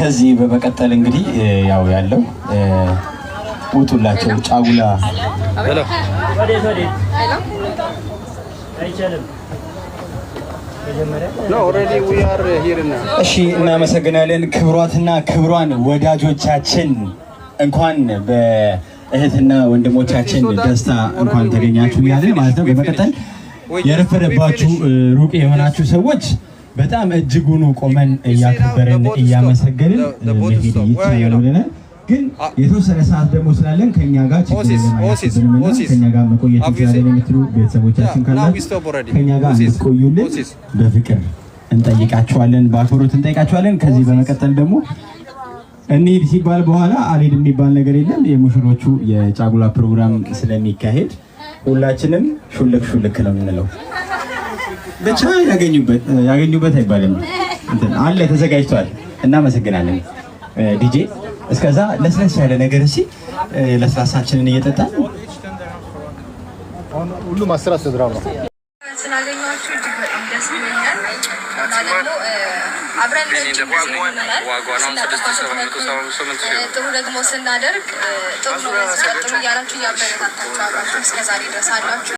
ከዚህ በመቀጠል እንግዲህ ያው ያለው ቁቱላቸው ጫጉላ እሺ፣ እናመሰግናለን። ክብሯትና ክብሯን ወዳጆቻችን እንኳን በእህትና ወንድሞቻችን ደስታ እንኳን ተገኛችሁ ያለ ማለት ነው። በመቀጠል የረፈደባችሁ ሩቅ የሆናችሁ ሰዎች በጣም እጅጉኑ ቆመን እያከበረን እያመሰገንን መሄድ ይቻላል ግን ah. የተወሰነ ሰዓት ደግሞ ስላለን ከኛ ጋር ከኛ ጋር መቆየት ይቻላል የምትሉ ቤተሰቦቻችን ካላችሁ ከኛ ጋር እንድትቆዩልን በፍቅር እንጠይቃቸዋለን፣ በአክብሮት እንጠይቃቸዋለን። ከዚህ በመቀጠል ደግሞ እንሂድ ሲባል በኋላ አልሄድ የሚባል ነገር የለም። የሙሽሮቹ የጫጉላ ፕሮግራም ስለሚካሄድ ሁላችንም ሹልክ ሹልክ ነው የምንለው። ብቻ ያገኙበት ያገኙበት አይባልም አለ ተዘጋጅቷል። እናመሰግናለን ዲጄ። እስከዛ ለስለስ ያለ ነገር እሺ፣ ለስላሳችንን እየጠጣን ሁሉ ማስራት ስድራ ነው ስላገኘኋችሁ እጅግ በጣም ደስ ይለኛል። እና ደግሞ አብረን ጥሩ ደግሞ ስናደርግ ጥሩ ነው። ቀጥሉ እያላችሁ እያበረታታችሁ እስከዛሬ ድረስ አላችሁ።